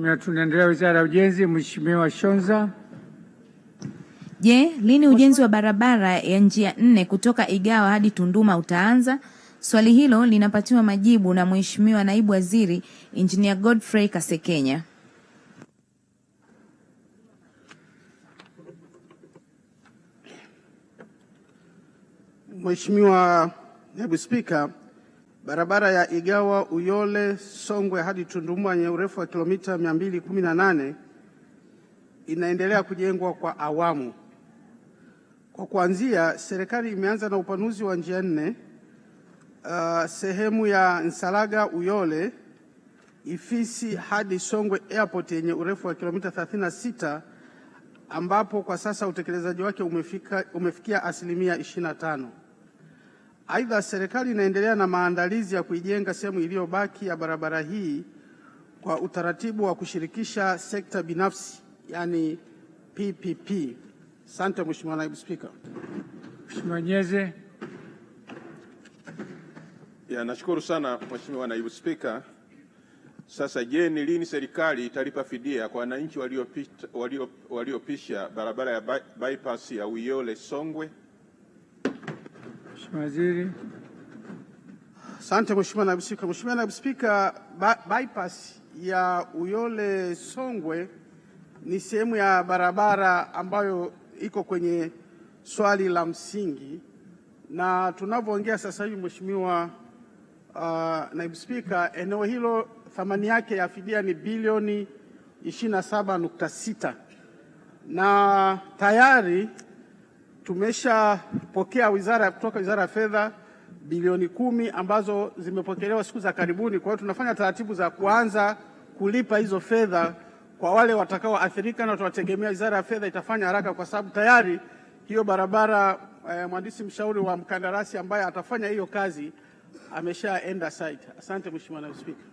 na tunaendelea wizara ya ujenzi, Mheshimiwa Shonza. Je, lini ujenzi wa barabara ya njia nne kutoka Igawa hadi Tunduma utaanza? Swali hilo linapatiwa majibu na Mheshimiwa Naibu Waziri Engineer Godfrey Kasekenya. Mheshimiwa Naibu Spika, Barabara ya Igawa Uyole Songwe hadi Tunduma yenye urefu wa kilomita 218 inaendelea kujengwa kwa awamu. Kwa kuanzia, serikali imeanza na upanuzi wa njia nne, uh, sehemu ya Nsalaga Uyole Ifisi hadi Songwe Airport yenye urefu wa kilomita 36 ambapo kwa sasa utekelezaji wake umefika, umefikia asilimia 25. Aidha, serikali inaendelea na maandalizi ya kuijenga sehemu iliyobaki ya barabara hii kwa utaratibu wa kushirikisha sekta binafsi, yani PPP. Asante Mheshimiwa Naibu Spika. Mheshimiwa Nyeze. Ya, nashukuru sana Mheshimiwa Naibu Spika. Sasa je, ni lini serikali italipa fidia kwa wananchi waliopisha walio, walio barabara ya bypass ya Uyole Songwe? Mheshimiwa Waziri. Asante Mheshimiwa Naibu Spika. Mheshimiwa Naibu Spika, bypass ya Uyole Songwe ni sehemu ya barabara ambayo iko kwenye swali la msingi, na tunavyoongea sasa hivi Mheshimiwa uh, Naibu Spika, eneo hilo thamani yake ya fidia ni bilioni 27.6 na tayari tumeshapokea wizara kutoka Wizara ya Fedha bilioni kumi ambazo zimepokelewa siku za karibuni. Kwa hiyo tunafanya taratibu za kuanza kulipa hizo fedha kwa wale watakaoathirika, na tunategemea Wizara ya Fedha itafanya haraka kwa sababu tayari hiyo barabara eh, mhandisi mshauri wa mkandarasi ambaye atafanya hiyo kazi ameshaenda site. Asante Mheshimiwa Naibu Spika.